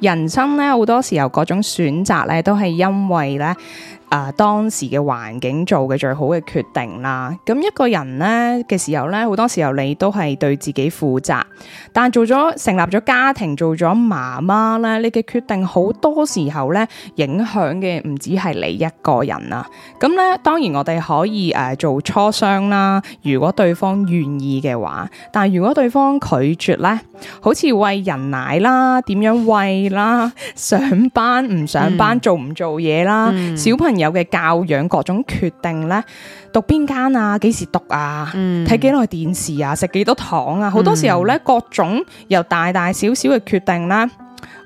人生咧好多時候嗰種選擇咧，都係因為咧。啊、呃！當時嘅環境做嘅最好嘅決定啦，咁一個人咧嘅時候咧，好多時候你都係對自己負責，但做咗成立咗家庭，做咗媽媽咧，你嘅決定好多時候咧影響嘅唔止係你一個人啊，咁咧當然我哋可以誒、呃、做磋商啦，如果對方願意嘅話，但係如果對方拒絕咧，好似喂人奶啦，點樣喂啦？上班唔上班，嗯、做唔做嘢啦？嗯、小朋友。有嘅教養，各種決定咧，讀邊間啊，幾時讀啊，睇幾耐電視啊，食幾多糖啊，嗯、好多時候咧，各種由大大小小嘅決定啦，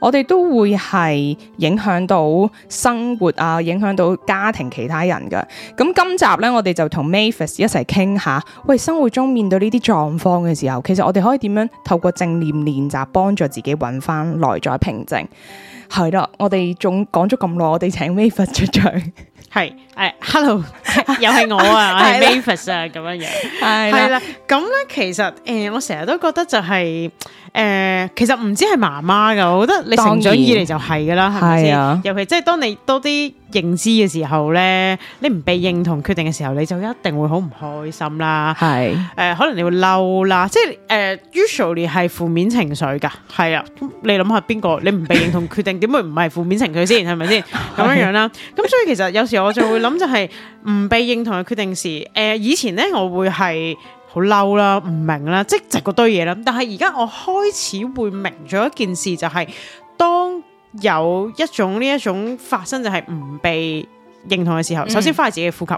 我哋都會係影響到生活啊，影響到家庭其他人噶。咁今集咧，我哋就同 Mavis 一齊傾下，喂，生活中面對呢啲狀況嘅時候，其實我哋可以點樣透過正念練習，幫助自己搵翻內在平靜？係啦，我哋仲講咗咁耐，我哋請 Mavis 出場。 係，誒、啊、，hello，、啊、又係我啊，我係 Mavis 啊，咁樣樣，係啦，咁咧 其實誒、呃，我成日都覺得就係、是，誒、呃，其實唔知係媽媽噶，我覺得你成長以嚟就係噶啦，係咪先？吧是啊、尤其即係當你多啲。認知嘅時候咧，你唔被認同決定嘅時候，你就一定會好唔開心啦。係誒是、呃，可能你會嬲啦，即係誒、呃，usually 係負面情緒噶。係啊，你諗下邊個你唔被認同決定，點會唔係負面情緒先？係咪先咁樣樣啦？咁所以其實有時我就會諗，就係唔被認同嘅決定時，誒、呃，以前咧我會係好嬲啦、唔明啦，即係嗰堆嘢啦。但係而家我開始會明咗一件事，就係、是。有一種呢一種發生就係唔被認同嘅時候，嗯、首先翻去自己嘅呼吸。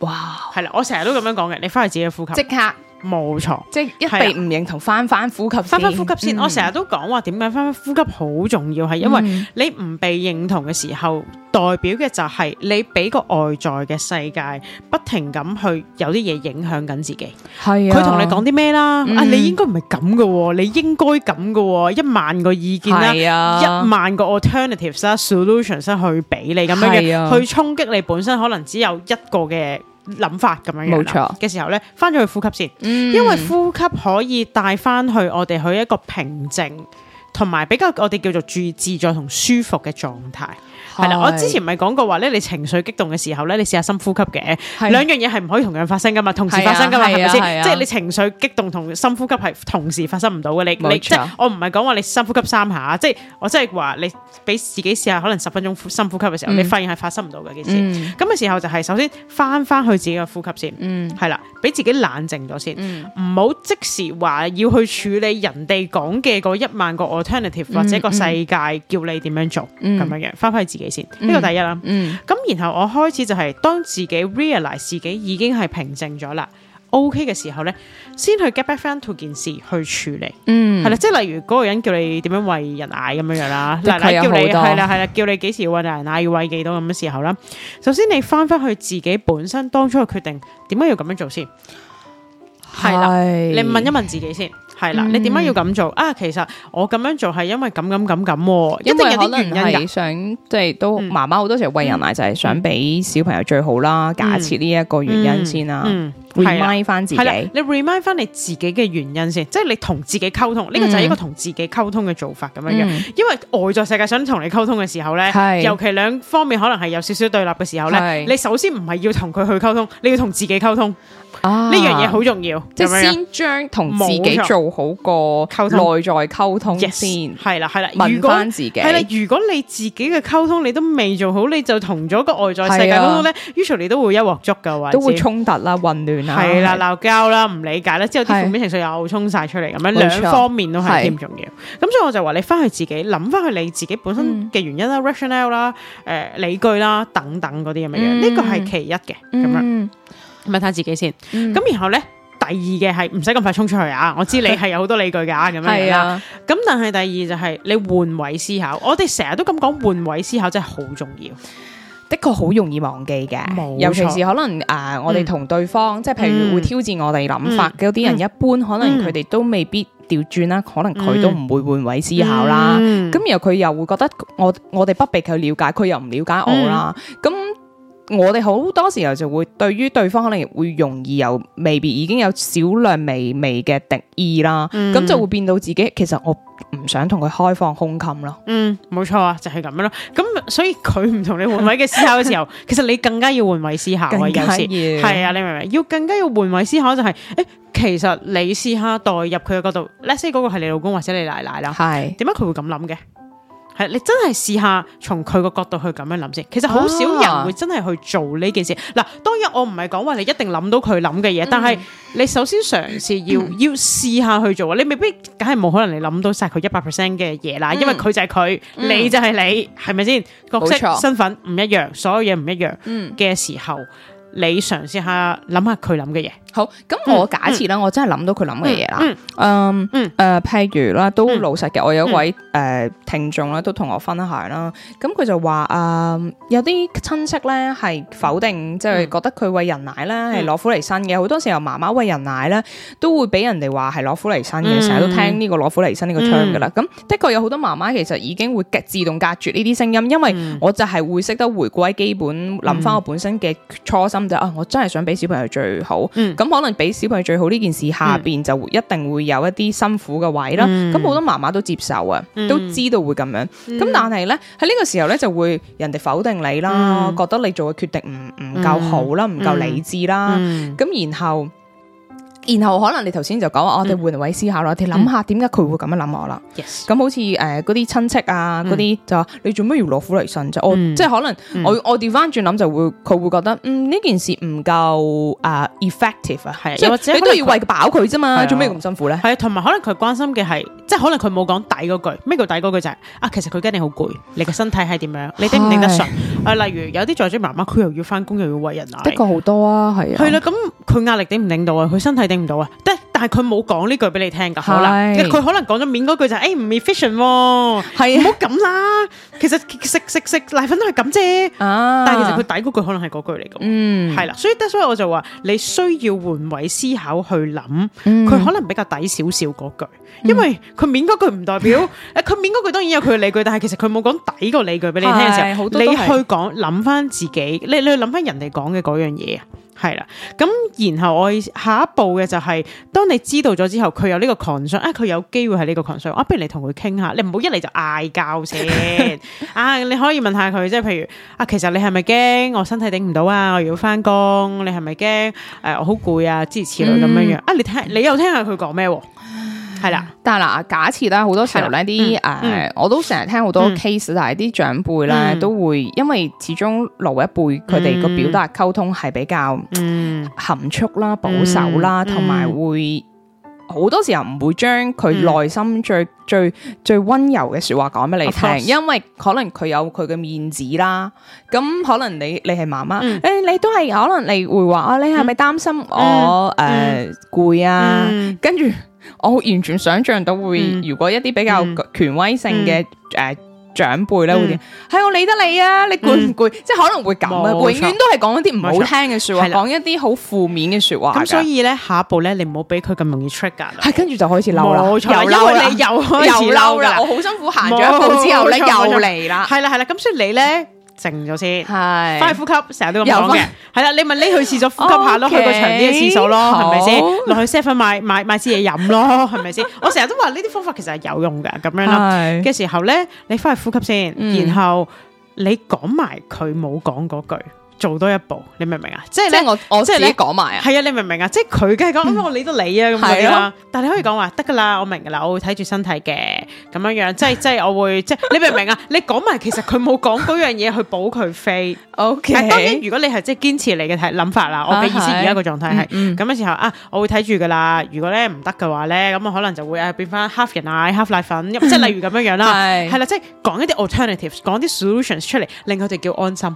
哇，係啦，我成日都咁樣講嘅，你翻去自己嘅呼吸即刻。冇錯，即係一被唔認同，翻翻呼吸，翻翻呼吸先。我成日都講話點解翻翻呼吸好重要，係因為你唔被認同嘅時候，代表嘅就係你俾個外在嘅世界不停咁去有啲嘢影響緊自己。係啊，佢同你講啲咩啦？啊，你應該唔係咁噶，你應該咁噶，一萬個意見啦，一萬個 alternatives solutions 去俾你咁樣嘅，去衝擊你本身可能只有一個嘅。諗法咁樣冇錯嘅時候咧，翻咗去呼吸先，嗯、因為呼吸可以帶翻去我哋去一個平靜，同埋比較我哋叫做注意自在同舒服嘅狀態。係啦，我之前唔係講過話咧，你情緒激動嘅時候咧，你試下深呼吸嘅，兩樣嘢係唔可以同樣發生噶嘛，同時發生噶嘛，係咪先？即係你情緒激動同深呼吸係同時發生唔到嘅，你你我唔係講話你深呼吸三下，即係我即係話你俾自己試下，可能十分鐘深呼吸嘅時候，你發現係發生唔到嘅件事。咁嘅時候就係首先翻翻去自己嘅呼吸先，係啦，俾自己冷靜咗先，唔好即時話要去處理人哋講嘅嗰一萬個 alternative 或者個世界叫你點樣做咁樣樣，翻翻去自己。呢個第一啦，咁、嗯嗯、然後我開始就係、是、當自己 realize 自己已經係平靜咗啦，OK 嘅時候咧，先去 get back to 件事去處理，嗯，係啦，即係例如嗰個人叫你點樣喂人奶咁樣樣啦，嗱，叫你係啦係啦，叫你幾時要喂人奶，要喂幾多咁嘅時候啦，首先你翻翻去自己本身當初嘅決定，點解要咁樣做先，係啦，的你問一問自己先。係啦，你點解要咁做啊？其實我咁樣做係因為咁咁咁咁，一定有啲原因你想，即係都媽媽好多時喂人奶就係想俾小朋友最好啦。假設呢一個原因先啦，remind 翻自己，你 remind 翻你自己嘅原因先，即係你同自己溝通，呢個就係一個同自己溝通嘅做法咁樣樣。因為外在世界想同你溝通嘅時候咧，尤其兩方面可能係有少少對立嘅時候咧，你首先唔係要同佢去溝通，你要同自己溝通。呢樣嘢好重要，即係先將同自己溝通。好過溝通內在溝通先，係啦，係啦。問翻自己係啦，如果你自己嘅溝通你都未做好，你就同咗個外在世界溝通咧，usually 都會一鑊粥噶，或者都會衝突啦、混亂啦，係啦、鬧交啦、唔理解咧，之後啲負面情緒又衝晒出嚟咁樣，兩方面都係唔重要。咁所以我就話你翻去自己諗翻去你自己本身嘅原因啦、rationale 啦、誒理據啦等等嗰啲咁嘅樣，呢個係其一嘅咁樣，咁樣睇下自己先。咁然後咧。第二嘅係唔使咁快衝出去啊！我知你係有好多理據噶咁樣啦。咁但係第二就係、是、你換位思考。我哋成日都咁講換位思考真係好重要，的確好容易忘記嘅。尤其是可能誒、呃，我哋同對方即係、嗯、譬如會挑戰我哋諗法，嗯、有啲人一般、嗯、可能佢哋都未必調轉啦，可能佢都唔會換位思考啦。咁、嗯嗯、然後佢又會覺得我我哋不被佢了解，佢又唔了解我啦。咁、嗯。嗯我哋好多時候就會對於對方可能會容易有未必已經有少量微微嘅敵意啦，咁、嗯、就會變到自己其實我唔想同佢開放胸襟啦。嗯，冇錯啊，就係、是、咁樣咯。咁所以佢唔同你換位嘅思考嘅時候， 其實你更加要換位思考啊，有時係啊，你明唔明？要更加要換位思考就係、是，誒、欸，其實你試下代入佢嘅角度，let’s say 嗰個係你老公或者你奶奶啦，係點解佢會咁諗嘅？你真係試下從佢個角度去咁樣諗先，其實好少人會真係去做呢件事。嗱，啊、當然我唔係講話你一定諗到佢諗嘅嘢，嗯、但係你首先嘗試要、嗯、要試下去做啊！你未必，梗係冇可能你諗到晒佢一百 percent 嘅嘢啦，嗯、因為佢就係佢，嗯、你就係你，係咪先？角色沒錯 身份唔一樣，所有嘢唔一樣嘅時候，嗯、你嘗試下諗下佢諗嘅嘢。好，咁我假設咧，我真係諗到佢諗嘅嘢啦。嗯，誒、嗯，譬如啦，都老實嘅，我有一位誒聽眾咧，都同我分享啦。咁佢就話誒，有啲親戚咧係否定，即係覺得佢餵人奶咧係攞苦嚟生嘅。好多時候媽媽餵人奶咧，都會俾人哋話係攞苦嚟生嘅，成日，嗯、都聽呢個攞苦嚟生呢個 term 噶啦。咁、嗯、的確有好多媽媽其實已經會自動隔絕呢啲聲音，因為我就係會識得回歸基本，諗翻我本身嘅初心就係，是啊，我真係想俾小朋友最好。嗯嗯嗯咁可能俾小朋友最好呢件事下邊、嗯、就一定會有一啲辛苦嘅位啦，咁好、嗯、多媽媽都接受啊，嗯、都知道會咁樣，咁、嗯、但係咧喺呢個時候咧就會人哋否定你啦，嗯、覺得你做嘅決定唔唔夠好啦，唔夠、嗯、理智啦，咁、嗯嗯、然後。然後可能你頭先就講我哋換位思考啦，我哋諗下點解佢會咁樣諗我啦？咁好似誒嗰啲親戚啊，嗰啲就話你做咩要攞苦嚟辛？就即係可能我我調翻轉諗就會，佢會覺得呢件事唔夠啊 effective 啊，係或者你都要餵飽佢啫嘛，做咩咁辛苦咧？係同埋可能佢關心嘅係，即係可能佢冇講底嗰句，咩叫底嗰句就係啊，其實佢驚你好攰，你嘅身體係點樣？你頂唔頂得順啊？例如有啲在職媽媽，佢又要翻工，又要餵人奶，的確好多啊，係啊，係啦，咁佢壓力頂唔頂到啊？佢身體。拎唔到啊！得。係佢冇講呢句俾你聽噶。好啦，佢可能講咗面嗰句就誒唔 fashion，係唔好咁啦。其實食食食奶粉都係咁啫，但係其實佢抵嗰句可能係嗰句嚟噶，嗯，係啦。所以 that's why 我就話你需要換位思考去諗，佢可能比較抵少少嗰句，因為佢面嗰句唔代表誒，佢面嗰句當然有佢嘅理據，但係其實佢冇講抵個理據俾你聽嘅時候，你去講諗翻自己，你你去諗翻人哋講嘅嗰樣嘢，係啦。咁然後我下一步嘅就係當。你知道咗之後，佢有呢個 concern 啊，佢有機會係呢個 concern，我不如你同佢傾下，你唔好一嚟就嗌交先啊！你可以問下佢，即係譬如啊，其實你係咪驚我身體頂唔到啊？我要翻工，你係咪驚誒？我好攰啊，諸如此類咁樣樣、嗯、啊？你聽，你又聽下佢講咩？係啦，但係嗱，假設咧，好多時候呢啲誒，我都成日聽好多 case，嗯、但係啲長輩咧都會，因為始終老一輩佢哋個表達溝通係比較含蓄啦、嗯、保守啦，同埋會好多時候唔會將佢內心最、嗯、最最溫柔嘅說話講俾你聽，當然、因為可能佢有佢嘅面子啦。咁可能你你係媽媽，誒、嗯欸，你都係可能你會話，你係咪擔心我誒攰、嗯呃嗯、啊？跟住。我完全想象到會，如果一啲比較權威性嘅誒長輩咧，會點？係我理得你啊？你攰唔攰？即係可能會咁啊！永遠都係講一啲唔好聽嘅說話，講一啲好負面嘅說話。咁所以咧，下一步咧，你唔好俾佢咁容易 trigger。係跟住就開始嬲啦，又嬲啦，又又嬲啦。我好辛苦行咗一步之後咧，又嚟啦，係啦，係啦。咁所以你咧。靜咗先，係翻是去呼吸，成日都咁講嘅，係啦。 你咪匿去廁所呼吸下咯，Okay? 去個長啲嘅廁所咯，係咪先？落好去 service 買買買啲嘢飲咯，係咪先？我成日都話呢啲方法其實係有用㗎，咁樣咯。嘅是時候咧，你翻去呼吸先，嗯、然後你講埋佢冇講嗰句。做多一步，你明唔明啊？即係咧，我我即係咧講埋啊。係啊，你明唔明啊？即係佢梗係講，因為我理得你啊咁樣。但係你可以講話得噶啦，我明噶啦，我會睇住身體嘅咁樣樣。即係即係，我會即係你明唔明啊？你講埋，其實佢冇講嗰樣嘢去補佢飛。OK。但係當然，如果你係即係堅持你嘅諗法啦，我嘅意思而家個狀態係咁嘅時候啊，我會睇住噶啦。如果咧唔得嘅話咧，咁我可能就會誒變翻 half 人奶、half 奶粉，即係例如咁樣樣啦。係係啦，即係講一啲 alternatives，講啲 solutions 出嚟，令佢哋叫安心。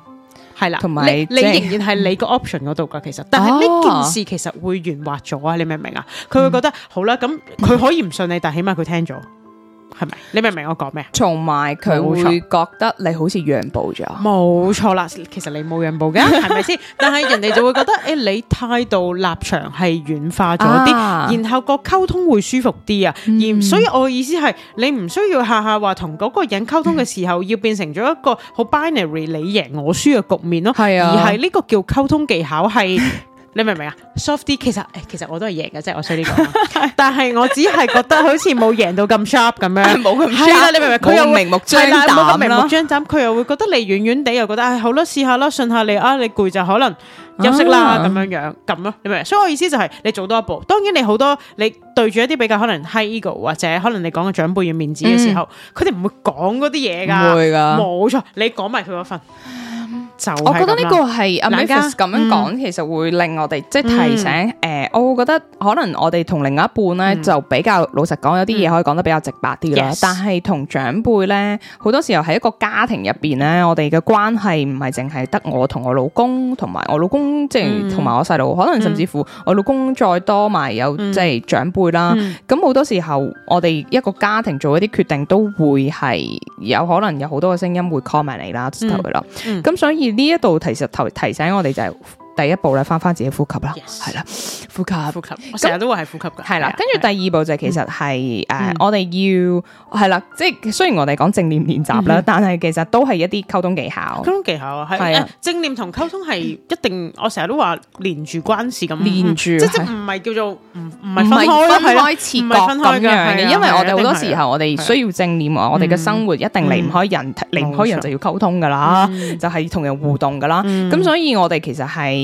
係啦，同埋、你你仍然係你個 option 嗰度㗎，其實，但係呢件事其實會圓滑咗啊！哦、你明唔明啊？佢會覺得、嗯、好啦，咁佢可以唔信你，嗯、但係起碼佢聽咗。係咪？你明唔明我講咩？同埋佢會覺得你好似讓步咗錯，冇錯啦。其實你冇讓步嘅，係咪先？但係人哋就會覺得，誒、 欸，你態度立場係軟化咗啲，啊、然後個溝通會舒服啲啊。嗯、而所以，我嘅意思係你唔需要下下話同嗰個人溝通嘅時候，嗯、要變成咗一個好 binary，你贏我輸嘅局面咯。係啊，而係呢個叫溝通技巧係。 你明唔明啊？soft 啲，其實誒，其實我都係贏嘅啫，我所以呢個，但係我只係覺得好似冇贏到咁 sharp 咁樣，冇咁衰啦。你明唔明？佢又明目張膽啦，冇咁明目張膽，佢又會覺得你遠遠地又覺得，唉，好啦，試下啦，信下你啊，你攰就可能休息啦咁樣樣咁咯。你明唔明？所以我意思就係你做多一步。當然你好多你對住一啲比較可能 high ego 或者可能你講嘅長輩嘅面子嘅時候，佢哋唔會講嗰啲嘢㗎，會㗎，冇錯，你講埋佢嗰份。我覺得呢個係阿 Mavis 咁樣講，其實會令我哋即係提醒誒，我會覺得可能我哋同另外一半咧，就比較老實講有啲嘢可以講得比較直白啲嘅。但係同長輩咧，好多時候喺一個家庭入邊咧，我哋嘅關係唔係淨係得我同我老公，同埋我老公即係同埋我細佬，可能甚至乎我老公再多埋有即係長輩啦。咁好多時候，我哋一個家庭做一啲決定，都會係有可能有好多嘅聲音會 comment 你啦，settle 佢啦。咁所以。呢一度其實頭提醒我哋就係、是。第一步咧，返返自己呼吸啦，係啦，呼吸啊，呼吸。我成日都會係呼吸噶。係啦，跟住第二步就係其實係誒，我哋要係啦，即係雖然我哋講正念練習啦，但係其實都係一啲溝通技巧。溝通技巧啊，係啊，正念同溝通係一定，我成日都話連住關係咁連住，即係唔係叫做唔唔係分開，唔係切割嘅。因為我哋好多時候，我哋需要正念，我哋嘅生活一定離唔開人，離唔開人就要溝通噶啦，就係同人互動噶啦。咁所以我哋其實係。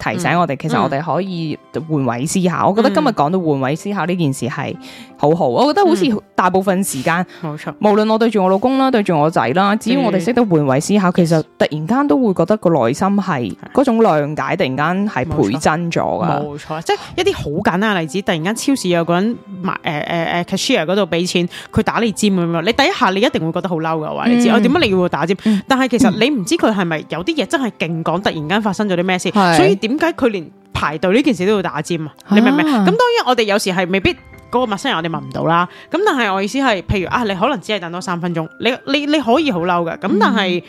提醒我哋，其實我哋可以換位思考。嗯、我覺得今日講到換位思考呢件事係好好。嗯、我覺得好似大部分時間，冇、嗯、錯。無論我對住我老公啦，對住我仔啦，只要我哋識得換位思考，嗯、其實突然間都會覺得個內心係嗰、嗯、種諒解，突然間係倍增咗噶。冇錯，冇錯，即係一啲好簡單嘅例子。突然間超市有個人買誒誒 cashier 嗰度俾錢，佢打你尖冇冇？你第一下你一定會覺得好嬲噶喎！你知我點解你要打尖？嗯、但係其實你唔知佢係咪有啲嘢真係勁講，突然間發生咗啲咩事？的所以點解佢連排隊呢件事都要打尖啊？你明唔明？咁當然我哋有時係未必嗰個陌生人，我哋問唔到啦。咁但係我意思係，譬如啊，你可能只係等多三分鐘，你你你可以好嬲㗎。咁但係。嗯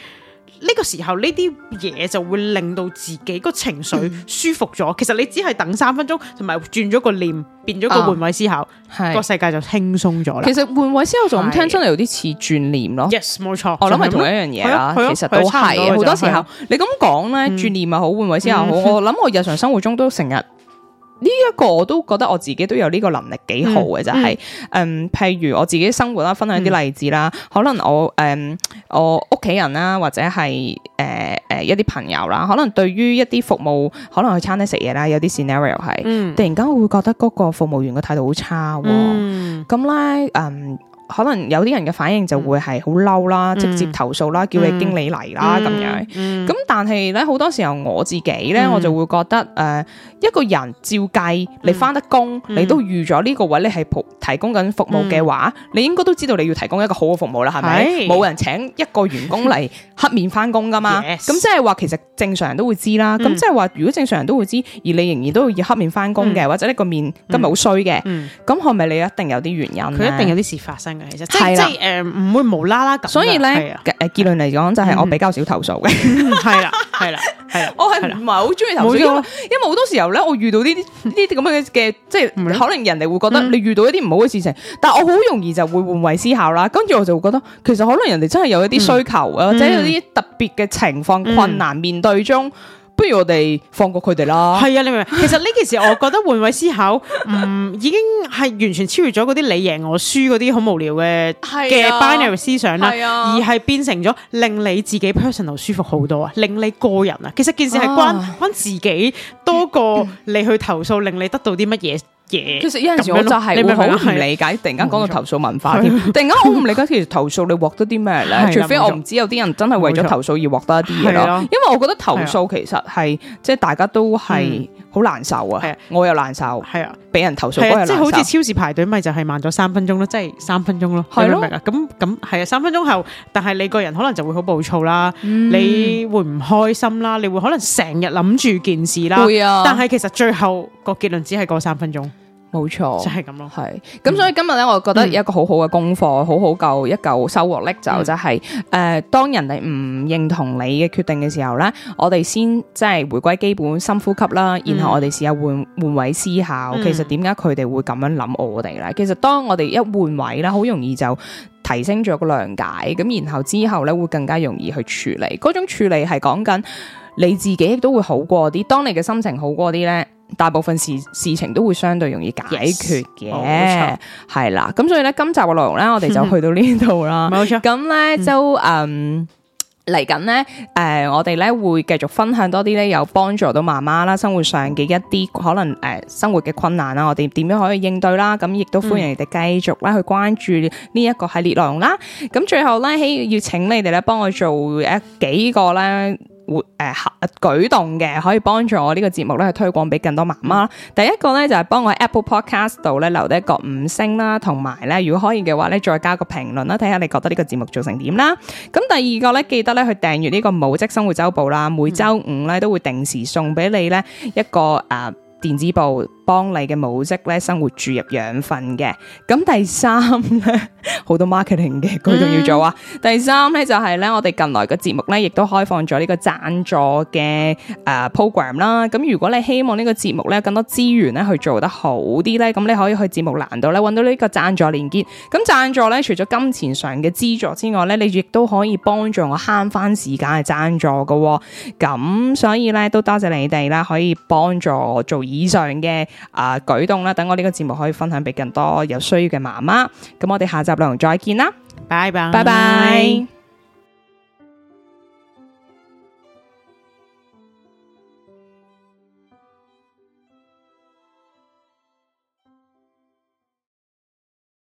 呢個時候呢啲嘢就會令到自己個情緒舒服咗。嗯、其實你只係等三分鐘，同埋轉咗個念，變咗個換位思考，係個、啊、世界就輕鬆咗啦。其實換位思考就咁聽，真係有啲似轉念咯。是 yes，冇錯，我諗係同一樣嘢啦、啊。啊啊啊、其實都係好、啊啊、多，多時候，啊、你咁講咧，轉念咪好，換位思考好。嗯嗯、我諗我日常生活中都成日。呢一、這個我都覺得我自己都有呢個能力幾好嘅，嗯嗯、就係、是，嗯，譬如我自己生活啦，分享啲例子啦，嗯、可能我，誒、嗯，我屋企人啦，或者係，誒、呃，誒、呃、一啲朋友啦，可能對於一啲服務，可能去餐廳食嘢啦，有啲 scenario 係，嗯、突然間我會覺得嗰個服務員嘅態度好差喎、哦，咁咧、嗯，嗯。可能有啲人嘅反應就會係好嬲啦，直接投訴啦，叫你經理嚟啦咁樣。咁但係咧，好多時候我自己咧，我就會覺得，誒，一個人照計你返得工，你都預咗呢個位你係提供緊服務嘅話，你應該都知道你要提供一個好嘅服務啦，係咪？冇人請一個員工嚟黑面返工㗎嘛？咁即係話其實正常人都會知啦。咁即係話如果正常人都會知，而你仍然都要黑面返工嘅，或者你個面今日好衰嘅，咁係咪你一定有啲原因？佢一定有啲事發生。其實，即係誒，唔了、uh, 會無啦啦咁。所以咧係啊誒結論嚟講，就係、是、我比較少投訴嘅、啊。係啦、啊，係啦、啊，係啦、啊，啊啊、 我係唔係好中意投訴。因為好多時候咧，我遇到呢啲呢啲咁嘅嘅，即係可能人哋會覺得你遇到一啲唔好嘅事情，嗯、但我好容易就會換位思考啦。跟住我就會覺得，其實可能人哋真係有一啲需求啊，或者、嗯、有啲特別嘅情況、嗯、困難面對中。不如我哋放過佢哋啦。係啊，你明唔明？其實呢件事，我覺得換位思考，唔、 嗯、已經係完全超越咗嗰啲你贏我輸嗰啲好無聊嘅嘅、啊、binary 思想啦，啊啊、而係變成咗令你自己 personal 舒服好多啊，令你個人啊，其實件事係關、啊、關自己多過你去投訴，令你得到啲乜嘢。 其實有陣時我就係你會好唔理解，突然間講到投訴文化添。突然間我唔理解，其實投訴你獲得啲咩咧？除非我唔知有啲人真係為咗投訴而獲得一啲嘢咯。因為我覺得投訴其實係即係大家都係好難受啊，我又難受，係啊，俾人投訴我係即係好似超市排隊咪就係慢咗三分鐘咯，即係三分鐘咯，明唔明啊？咁咁係啊，三分鐘後，但係你個人可能就會好暴躁啦，你會唔開心啦，你會可能成日諗住件事啦，會啊。但係其實最後個結論只係嗰三分鐘。冇錯，錯就係咁咯。係咁，嗯、所以今日咧，我覺得一個好、嗯、好好嘅功課，好好夠一舊收穫力。就就係誒，當人哋唔認同你嘅決定嘅時候咧，我哋先即係回歸基本，深呼吸啦，然後我哋試下換換位思考。嗯、其實點解佢哋會咁樣諗我哋咧？其實當我哋一換位啦，好容易就提升咗個諒解，咁然後之後咧會更加容易去處理。嗰種處理係講緊你自己亦都會好過啲。當你嘅心情好過啲咧。大部分事事情都會相對容易解決嘅，係啦。咁所以咧，今集嘅內容咧，我哋就去到呢度啦。冇錯，咁咧就嗯嚟緊咧，誒，我哋咧會繼續分享多啲咧，有幫助到媽媽啦，生活上嘅一啲可能誒、呃、生活嘅困難啦，我哋點樣可以應對啦。咁、嗯、亦都歡迎你哋繼續咧去關注呢一個系列內容啦。咁、嗯嗯、最後咧，喺要請你哋咧幫我做誒幾個咧。活誒合舉動嘅，可以幫助我呢個節目咧去推廣俾更多媽媽。第一個咧就係幫我喺 Apple Podcast 度咧留低一個五星啦，同埋咧如果可以嘅話咧再加個評論啦，睇下你覺得呢個節目做成點啦。咁第二個咧記得咧去訂閱呢個母職生活週報啦，每週五咧都會定時送俾你咧一個誒電子報。幫你嘅模式咧，生活注入養分嘅。咁第三咧，好多 marketing 嘅佢仲要做啊。第三咧、 嗯、就係咧，我哋近來嘅節目咧，亦都開放咗呢個贊助嘅誒、呃、program 啦。咁如果你希望呢個節目咧更多資源咧去做得好啲咧，咁你可以去節目欄度咧搵到個呢個贊助連結。咁贊助咧，除咗金錢上嘅資助之外咧，你亦都可以幫助我慳翻時間去贊助嘅、哦。咁所以咧，都多謝你哋啦，可以幫助我做以上嘅。啊、呃、舉動啦，等我呢個節目可以分享俾更多有需要嘅媽媽。咁我哋下集內容再見啦，拜拜，拜拜。